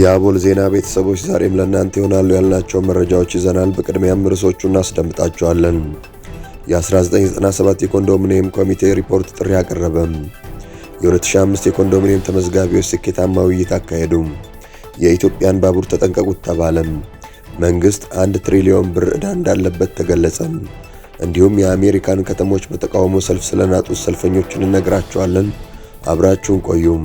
የአቦል ዜና ቤተሰቦች ዛሬም ለእናንተ ይሆናሉ ያልናቸው መረጃዎች ይዘናል። በቅድሚያም ርዕሶቹ እናስደምጣቸዋለን። የ1997 የኮንዶሚኒየም ኮሚቴ ሪፖርት ጥሪ አቀረበ። የ2005 የኮንዶሚኒየም ተመዝጋቢዎች ስኬታማ ውይይት አካሄዱ። የኢትዮጵያን ባቡር ተጠንቀቁት ተባለም። መንግሥት አንድ ትሪሊዮን ብር ዕዳ እንዳለበት ተገለጸ። እንዲሁም የአሜሪካን ከተሞች በተቃውሞ ሰልፍ ስለናጡት ሰልፈኞችን እነግራቸዋለን። አብራችሁን ቆዩም።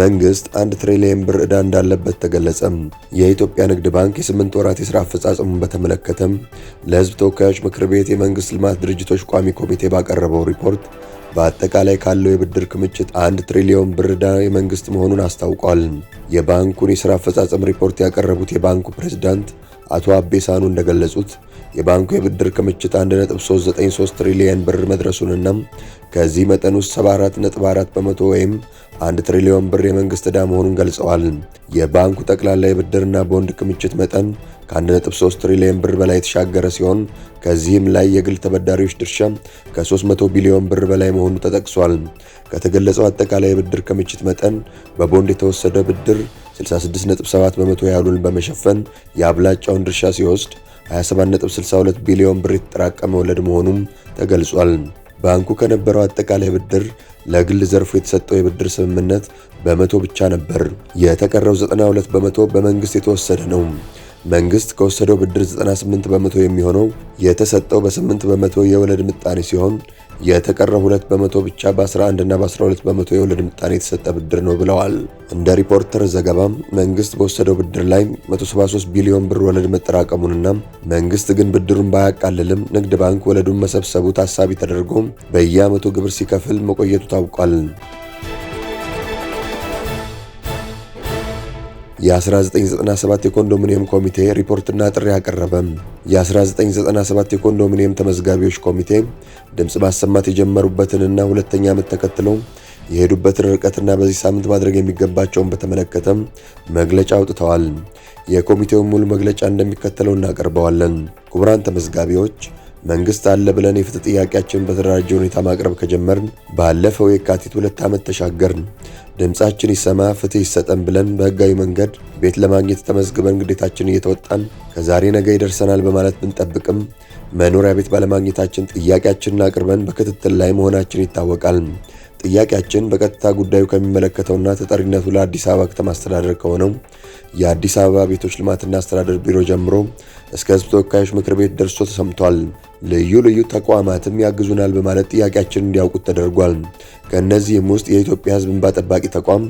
መንግስት አንድ ትሪሊየን ብር ዕዳ እንዳለበት ተገለጸም። የኢትዮጵያ ንግድ ባንክ የስምንት ወራት የስራ አፈጻጸሙን በተመለከተም ለህዝብ ተወካዮች ምክር ቤት የመንግስት ልማት ድርጅቶች ቋሚ ኮሚቴ ባቀረበው ሪፖርት በአጠቃላይ ካለው የብድር ክምችት አንድ ትሪሊዮን ብር ዕዳ የመንግስት መሆኑን አስታውቋል። የባንኩን የስራ አፈጻጸም ሪፖርት ያቀረቡት የባንኩ ፕሬዝዳንት አቶ አቤሳኑ እንደገለጹት የባንኩ የብድር ክምችት 1.393 ትሪሊየን ብር መድረሱንና ከዚህ መጠን ውስጥ 74.4 በመቶ ወይም 1 ትሪሊዮን ብር የመንግስት ዕዳ መሆኑን ገልጸዋል። የባንኩ ጠቅላላ የብድርና ቦንድ ክምችት መጠን ከ1.3 ትሪሊየን ብር በላይ የተሻገረ ሲሆን ከዚህም ላይ የግል ተበዳሪዎች ድርሻ ከ300 ቢሊዮን ብር በላይ መሆኑ ተጠቅሷል። ከተገለጸው አጠቃላይ የብድር ክምችት መጠን በቦንድ የተወሰደ ብድር 66.7 በመቶ ያህሉን በመሸፈን የአብላጫውን ድርሻ ሲወስድ 27.62 ቢሊዮን ብር የተጠራቀመ ወለድ መሆኑም ተገልጿል። ባንኩ ከነበረው አጠቃላይ ብድር ለግል ዘርፉ የተሰጠው የብድር ስምምነት በመቶ ብቻ ነበር። የተቀረው 92 በመቶ በመንግስት የተወሰደ ነው። መንግስት ከወሰደው ብድር 98 በመቶ የሚሆነው የተሰጠው በ8 በመቶ የወለድ ምጣኔ ሲሆን የተቀረው 2 በመቶ ብቻ በ11 እና በ12 በመቶ የወለድ ምጣኔ የተሰጠ ብድር ነው ብለዋል። እንደ ሪፖርተር ዘገባም መንግስት በወሰደው ብድር ላይ 173 ቢሊዮን ብር ወለድ መጠራቀሙንና መንግስት ግን ብድሩን ባያቃልልም ንግድ ባንክ ወለዱን መሰብሰቡ ታሳቢ ተደርጎ በየዓመቱ ግብር ሲከፍል መቆየቱ ታውቋል። የ1997 የኮንዶሚኒየም ኮሚቴ ሪፖርትና ጥሪ አቀረበም። የ1997 የኮንዶሚኒየም ተመዝጋቢዎች ኮሚቴ ድምፅ ማሰማት የጀመሩበትንና ሁለተኛ ዓመት ተከትለው የሄዱበትን ርቀትና በዚህ ሳምንት ማድረግ የሚገባቸውን በተመለከተ መግለጫ አውጥተዋል። የኮሚቴውን ሙሉ መግለጫ እንደሚከተለው እናቀርበዋለን። ክቡራን ተመዝጋቢዎች መንግስት አለ ብለን የፍትህ ጥያቄያችንን በተደራጀ ሁኔታ ማቅረብ ከጀመርን ባለፈው የካቲት ሁለት ዓመት ተሻገርን። ድምፃችን ይሰማ፣ ፍትህ ይሰጠን ብለን በህጋዊ መንገድ ቤት ለማግኘት ተመዝግበን ግዴታችን እየተወጣን ከዛሬ ነገ ይደርሰናል በማለት ብንጠብቅም መኖሪያ ቤት ባለማግኘታችን ጥያቄያችንን አቅርበን በክትትል ላይ መሆናችን ይታወቃል። ጥያቄያችን በቀጥታ ጉዳዩ ከሚመለከተውና ተጠሪነቱ ለአዲስ አበባ ከተማ አስተዳደር ከሆነው የአዲስ አበባ ቤቶች ልማትና አስተዳደር ቢሮ ጀምሮ እስከ ሕዝብ ተወካዮች ምክር ቤት ደርሶ ተሰምቷል። ልዩ ልዩ ተቋማትም ያግዙናል በማለት ጥያቄያችን እንዲያውቁት ተደርጓል። ከእነዚህም ውስጥ የኢትዮጵያ ሕዝብ እንባ ጠባቂ ተቋም፣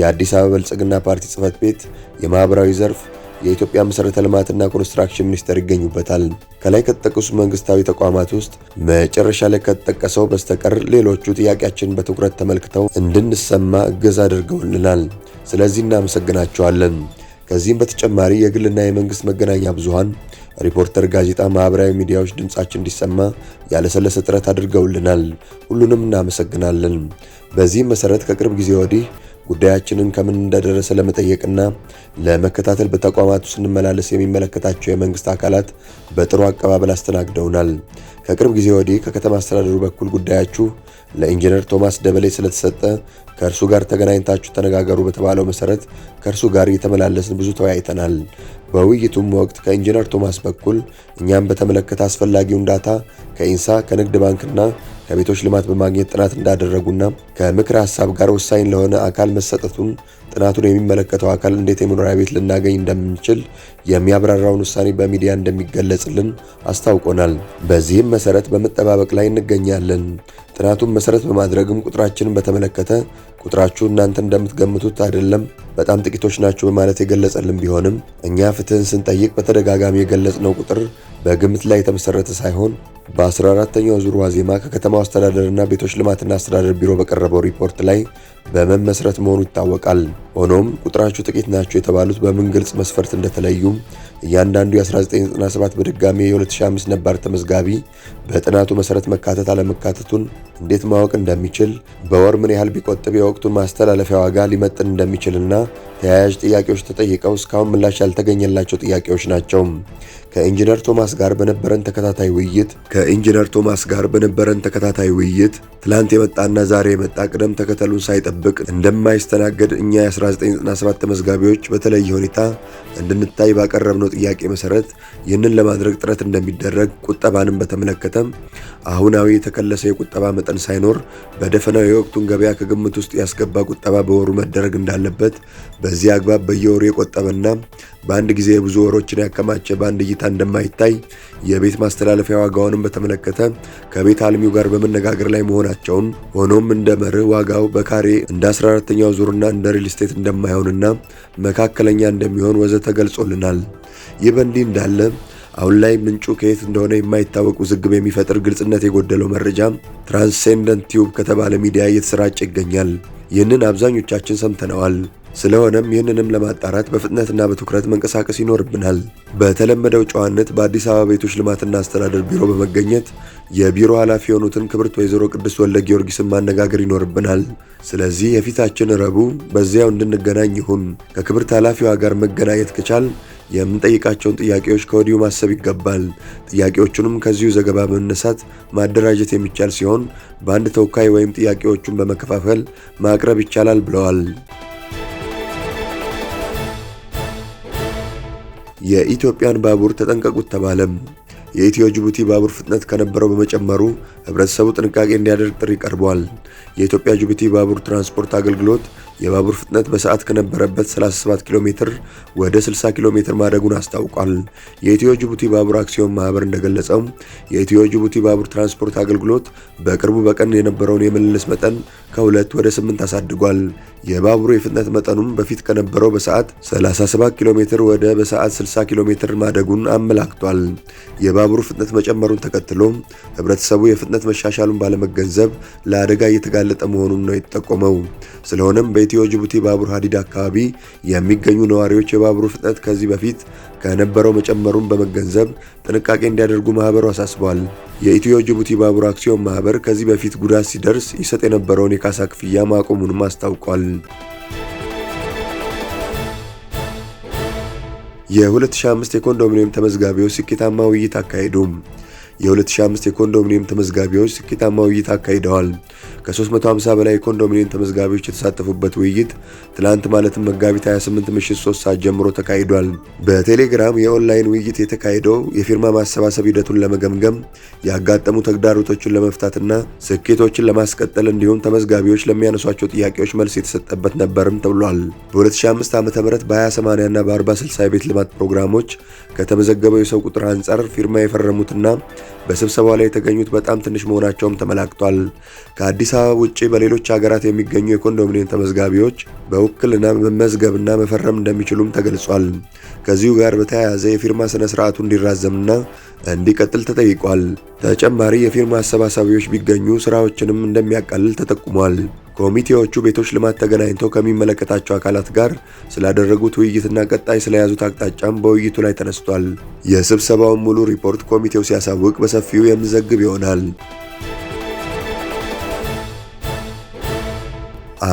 የአዲስ አበባ ብልጽግና ፓርቲ ጽህፈት ቤት፣ የማህበራዊ ዘርፍ የኢትዮጵያ መሠረተ ልማትና ኮንስትራክሽን ሚኒስቴር ይገኙበታል። ከላይ ከተጠቀሱ መንግስታዊ ተቋማት ውስጥ መጨረሻ ላይ ከተጠቀሰው በስተቀር ሌሎቹ ጥያቄያችን በትኩረት ተመልክተው እንድንሰማ እገዛ አድርገውልናል። ስለዚህ እናመሰግናቸዋለን። ከዚህም በተጨማሪ የግልና የመንግስት መገናኛ ብዙሃን፣ ሪፖርተር ጋዜጣ፣ ማህበራዊ ሚዲያዎች ድምጻችን እንዲሰማ ያለሰለሰ ጥረት አድርገውልናል። ሁሉንም እናመሰግናለን። በዚህም መሰረት ከቅርብ ጊዜ ወዲህ ጉዳያችንን ከምን እንደደረሰ ለመጠየቅና ለመከታተል በተቋማቱ ስንመላለስ የሚመለከታቸው የመንግስት አካላት በጥሩ አቀባበል አስተናግደውናል። ከቅርብ ጊዜ ወዲህ ከከተማ አስተዳደሩ በኩል ጉዳያችሁ ለኢንጂነር ቶማስ ደበሌ ስለተሰጠ ከእርሱ ጋር ተገናኝታችሁ ተነጋገሩ በተባለው መሰረት ከእርሱ ጋር እየተመላለስን ብዙ ተወያይተናል። በውይይቱም ወቅት ከኢንጂነር ቶማስ በኩል እኛም በተመለከተ አስፈላጊውን ዳታ ከኢንሳ ከንግድ ባንክና ከቤቶች ልማት በማግኘት ጥናት እንዳደረጉና ከምክር ሀሳብ ጋር ወሳኝ ለሆነ አካል መሰጠቱን ጥናቱን የሚመለከተው አካል እንዴት የመኖሪያ ቤት ልናገኝ እንደምንችል የሚያብራራውን ውሳኔ በሚዲያ እንደሚገለጽልን አስታውቆናል። በዚህም መሰረት በመጠባበቅ ላይ እንገኛለን። ጥናቱን መሰረት በማድረግም ቁጥራችንን በተመለከተ ቁጥራችሁ እናንተ እንደምትገምቱት አይደለም፣ በጣም ጥቂቶች ናቸው በማለት የገለጸልን ቢሆንም እኛ ፍትህን ስንጠይቅ በተደጋጋሚ የገለጽነው ቁጥር በግምት ላይ የተመሰረተ ሳይሆን በ14ተኛው ዙር ዋዜማ ከከተማው አስተዳደርና ቤቶች ልማትና አስተዳደር ቢሮ በቀረበው ሪፖርት ላይ በመመስረት መሆኑ ይታወቃል። ሆኖም ቁጥራቸው ጥቂት ናቸው የተባሉት በምን ግልጽ መስፈርት እንደተለዩም እያንዳንዱ የ1997 በድጋሚ የ2005 ነባር ተመዝጋቢ በጥናቱ መሰረት መካተት አለመካተቱን እንዴት ማወቅ እንደሚችል በወር ምን ያህል ቢቆጥብ የወቅቱን ማስተላለፊያ ዋጋ ሊመጥን እንደሚችልና ተያያዥ ጥያቄዎች ተጠይቀው እስካሁን ምላሽ ያልተገኘላቸው ጥያቄዎች ናቸው። ከኢንጂነር ቶማስ ጋር በነበረን ተከታታይ ውይይት ከኢንጂነር ቶማስ ጋር በነበረን ተከታታይ ውይይት ትላንት የመጣና ዛሬ የመጣ ቅደም ተከተሉን ሳይጠብቅ እንደማይስተናገድ እኛ የ1997 ተመዝጋቢዎች በተለየ ሁኔታ እንድንታይ ባቀረብነው ጥያቄ መሰረት ይህንን ለማድረግ ጥረት እንደሚደረግ፣ ቁጠባንም በተመለከተ አሁናዊ የተከለሰ የቁጠባ መጠን ሳይኖር በደፈናው የወቅቱን ገበያ ከግምት ውስጥ ያስገባ ቁጠባ በወሩ መደረግ እንዳለበት በዚህ አግባብ በየወሩ የቆጠበና በአንድ ጊዜ የብዙ ወሮችን ያከማቸ በአንድ እይታ እንደማይታይ የቤት ማስተላለፊያ ዋጋውንም በተመለከተ ከቤት አልሚው ጋር በመነጋገር ላይ መሆናቸውን ሆኖም እንደ መርህ ዋጋው በካሬ እንደ 14ተኛው ዙርና እንደ ሪል ስቴት እንደማይሆንና መካከለኛ እንደሚሆን ወዘተ ገልጾልናል። ይህ በእንዲህ እንዳለ አሁን ላይ ምንጩ ከየት እንደሆነ የማይታወቅ ውዝግብ የሚፈጥር ግልጽነት የጎደለው መረጃ ትራንስሴንደንት ቲዩብ ከተባለ ሚዲያ እየተሰራጨ ይገኛል። ይህንን አብዛኞቻችን ሰምተነዋል። ስለሆነም ይህንንም ለማጣራት በፍጥነትና በትኩረት መንቀሳቀስ ይኖርብናል። በተለመደው ጨዋነት በአዲስ አበባ ቤቶች ልማትና አስተዳደር ቢሮ በመገኘት የቢሮ ኃላፊ የሆኑትን ክብርት ወይዘሮ ቅድስት ወልደ ጊዮርጊስን ማነጋገር ይኖርብናል። ስለዚህ የፊታችን ረቡዕ በዚያው እንድንገናኝ ይሁን። ከክብርት ኃላፊዋ ጋር መገናኘት ከቻል የምንጠይቃቸውን ጥያቄዎች ከወዲሁ ማሰብ ይገባል። ጥያቄዎቹንም ከዚሁ ዘገባ በመነሳት ማደራጀት የሚቻል ሲሆን በአንድ ተወካይ ወይም ጥያቄዎቹን በመከፋፈል ማቅረብ ይቻላል ብለዋል። የኢትዮጵያን ባቡር ተጠንቀቁት ተባለም። የኢትዮ ጅቡቲ ባቡር ፍጥነት ከነበረው በመጨመሩ ህብረተሰቡ ጥንቃቄ እንዲያደርግ ጥሪ ቀርቧል። የኢትዮጵያ ጅቡቲ ባቡር ትራንስፖርት አገልግሎት የባቡር ፍጥነት በሰዓት ከነበረበት 37 ኪሎ ሜትር ወደ 60 ኪሎ ሜትር ማደጉን አስታውቋል። የኢትዮ ጅቡቲ ባቡር አክሲዮን ማህበር እንደገለጸው የኢትዮ ጅቡቲ ባቡር ትራንስፖርት አገልግሎት በቅርቡ በቀን የነበረውን የምልልስ መጠን ከሁለት ወደ 8 አሳድጓል። የባቡሩ የፍጥነት መጠኑም በፊት ከነበረው በሰዓት 37 ኪሎ ሜትር ወደ በሰዓት 60 ኪሎ ሜትር ማደጉን አመላክቷል። የባቡሩ ፍጥነት መጨመሩን ተከትሎ ህብረተሰቡ የፍጥነት መሻሻሉን ባለመገንዘብ ለአደጋ እየተጋለጠ መሆኑን ነው የተጠቆመው። ስለሆነም በ የኢትዮ ጅቡቲ ባቡር ሀዲድ አካባቢ የሚገኙ ነዋሪዎች የባቡሩ ፍጥነት ከዚህ በፊት ከነበረው መጨመሩን በመገንዘብ ጥንቃቄ እንዲያደርጉ ማህበሩ አሳስቧል። የኢትዮ ጅቡቲ ባቡር አክሲዮን ማህበር ከዚህ በፊት ጉዳት ሲደርስ ይሰጥ የነበረውን የካሳ ክፍያ ማቆሙንም አስታውቋል። የ2005 የኮንዶሚኒየም ተመዝጋቢዎች ስኬታማ ውይይት አካሄዱ። የ2005 የኮንዶሚኒየም ተመዝጋቢዎች ስኬታማ ውይይት አካሂደዋል። ከ350 በላይ የኮንዶሚኒየም ተመዝጋቢዎች የተሳተፉበት ውይይት ትላንት ማለትም መጋቢት 28 ምሽት 3 ሰዓት ጀምሮ ተካሂዷል። በቴሌግራም የኦንላይን ውይይት የተካሄደው የፊርማ ማሰባሰብ ሂደቱን ለመገምገም ያጋጠሙ ተግዳሮቶችን ለመፍታትና ስኬቶችን ለማስቀጠል እንዲሁም ተመዝጋቢዎች ለሚያነሷቸው ጥያቄዎች መልስ የተሰጠበት ነበርም ተብሏል። በ2005 ዓ ም በ20/80 እና በ40/60 የቤት ልማት ፕሮግራሞች ከተመዘገበው የሰው ቁጥር አንጻር ፊርማ የፈረሙትና በስብሰባው ላይ የተገኙት በጣም ትንሽ መሆናቸውም ተመላክቷል። ከአዲስ አበባ ውጭ በሌሎች ሀገራት የሚገኙ የኮንዶሚኒየም ተመዝጋቢዎች በውክልና መመዝገብና መፈረም እንደሚችሉም ተገልጿል። ከዚሁ ጋር በተያያዘ የፊርማ ስነ ስርዓቱ እንዲራዘምና እንዲቀጥል ተጠይቋል። ተጨማሪ የፊርማ አሰባሳቢዎች ቢገኙ ስራዎችንም እንደሚያቃልል ተጠቁሟል። ኮሚቴዎቹ ቤቶች ልማት ተገናኝተው ከሚመለከታቸው አካላት ጋር ስላደረጉት ውይይትና ቀጣይ ስለያዙት አቅጣጫም በውይይቱ ላይ ተነስቷል። የስብሰባውን ሙሉ ሪፖርት ኮሚቴው ሲያሳውቅ በሰፊው የምዘግብ ይሆናል።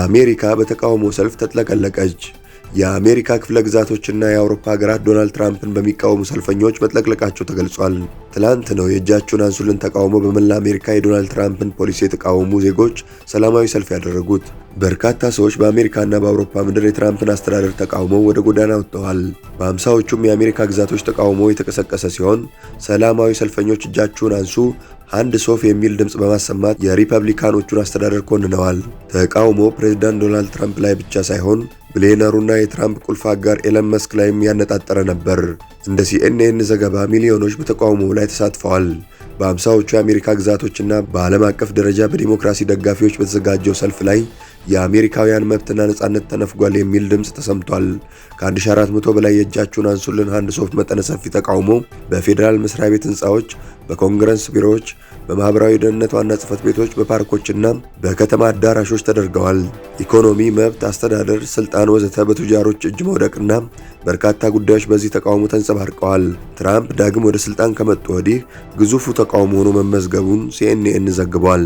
አሜሪካ በተቃውሞ ሰልፍ ተጥለቀለቀች። የአሜሪካ ክፍለ ግዛቶችና የአውሮፓ ሀገራት ዶናልድ ትራምፕን በሚቃወሙ ሰልፈኞች መጥለቅለቃቸው ተገልጿል። ትላንት ነው የእጃችሁን አንሱልን ተቃውሞ በመላ አሜሪካ የዶናልድ ትራምፕን ፖሊሲ የተቃወሙ ዜጎች ሰላማዊ ሰልፍ ያደረጉት። በርካታ ሰዎች በአሜሪካና በአውሮፓ ምድር የትራምፕን አስተዳደር ተቃውመው ወደ ጎዳና ወጥተዋል። በአምሳዎቹም የአሜሪካ ግዛቶች ተቃውሞ የተቀሰቀሰ ሲሆን ሰላማዊ ሰልፈኞች እጃችሁን አንሱ አንድ ሶፍ የሚል ድምፅ በማሰማት የሪፐብሊካኖቹን አስተዳደር ኮንነዋል። ተቃውሞ ፕሬዝዳንት ዶናልድ ትራምፕ ላይ ብቻ ሳይሆን ብሌነሩና የትራምፕ ቁልፍ አጋር ኤለን መስክ ላይም ያነጣጠረ ነበር። እንደ ሲኤንኤን ዘገባ ሚሊዮኖች በተቃውሞው ላይ ተሳትፈዋል። በአምሳዎቹ የአሜሪካ ግዛቶችና በዓለም አቀፍ ደረጃ በዲሞክራሲ ደጋፊዎች በተዘጋጀው ሰልፍ ላይ የአሜሪካውያን መብትና ነጻነት ተነፍጓል የሚል ድምፅ ተሰምቷል። ከ1400 በላይ የእጃችሁን አንሱልን ሃንድ ሶፍት መጠነ ሰፊ ተቃውሞ በፌዴራል መስሪያ ቤት ህንፃዎች፣ በኮንግረስ ቢሮዎች፣ በማኅበራዊ ደህንነት ዋና ጽህፈት ቤቶች፣ በፓርኮችና በከተማ አዳራሾች ተደርገዋል። ኢኮኖሚ፣ መብት፣ አስተዳደር፣ ስልጣን ወዘተ በቱጃሮች እጅ መውደቅና በርካታ ጉዳዮች በዚህ ተቃውሞ ተንጸባርቀዋል። ትራምፕ ዳግም ወደ ስልጣን ከመጡ ወዲህ ግዙፉ ተቃውሞ ሆኖ መመዝገቡን ሲኤንኤን ዘግቧል።